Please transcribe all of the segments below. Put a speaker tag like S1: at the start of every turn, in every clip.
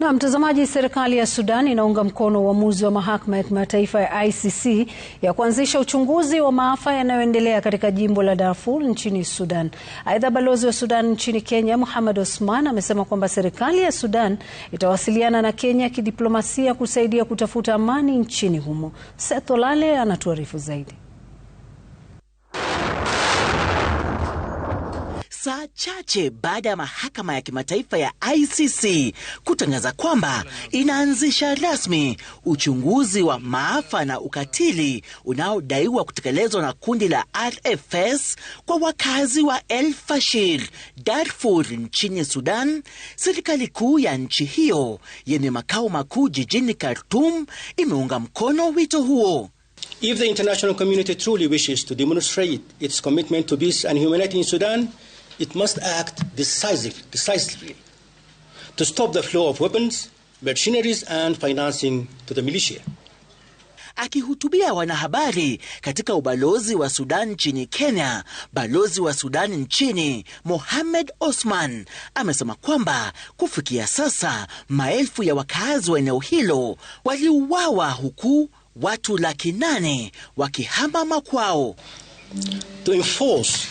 S1: Na mtazamaji, serikali ya Sudan inaunga mkono uamuzi wa mahakama ya kimataifa ya ICC ya kuanzisha uchunguzi wa maafa yanayoendelea katika jimbo la Darfur nchini Sudan. Aidha, balozi wa Sudan nchini Kenya Muhammad Osman amesema kwamba serikali ya Sudan itawasiliana na Kenya kidiplomasia kusaidia kutafuta amani nchini humo. Seth Olale anatuarifu zaidi.
S2: saa chache baada ya mahakama ya kimataifa ya ICC kutangaza kwamba inaanzisha rasmi uchunguzi wa maafa na ukatili unaodaiwa kutekelezwa na kundi la RFS kwa wakazi wa El Fashir, Darfur nchini Sudan, serikali kuu ya nchi hiyo yenye makao makuu jijini Khartoum imeunga mkono wito huo.
S3: If the international community truly wishes to demonstrate its commitment to peace and humanity in Sudan, it must act decisively, decisively to stop the flow of weapons, machineries and financing to the militia.
S2: Akihutubia wanahabari katika ubalozi wa Sudan nchini Kenya, balozi wa Sudan nchini Mohamed Osman amesema kwamba kufikia sasa maelfu ya wakazi wa eneo hilo waliuawa huku watu laki nane wakihama makwao.
S3: To enforce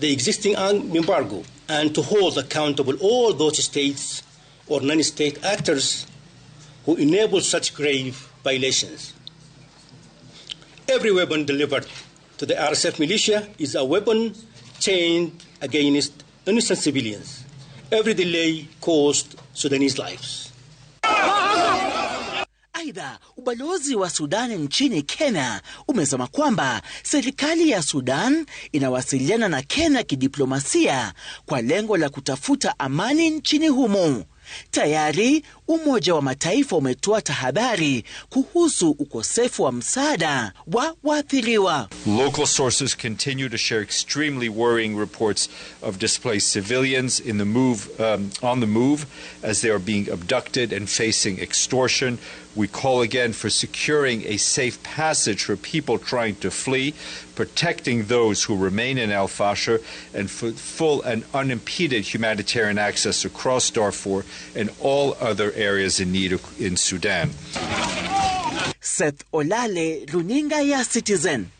S3: the existing embargo and to hold accountable all those states or non-state actors who enable such grave violations. Every weapon delivered to the RSF militia is a weapon chained against innocent civilians. Every delay cost Sudanese lives.
S2: Aidha, ubalozi wa Sudan nchini Kenya umesema kwamba serikali ya Sudan inawasiliana na Kenya kidiplomasia kwa lengo la kutafuta amani nchini humo. Tayari Umoja wa Mataifa umetoa tahadhari kuhusu ukosefu wa msaada wa waathiriwa.
S4: Local sources continue to share extremely worrying reports of displaced civilians in the move, um, on the move as they are being abducted and facing extortion. We call again for securing a safe passage for people trying to flee, protecting those who remain in Al Fasher, and for full and unimpeded humanitarian access across Darfur and all other areas in need in Sudan.
S1: Seth Olale, Runinga ya Citizen.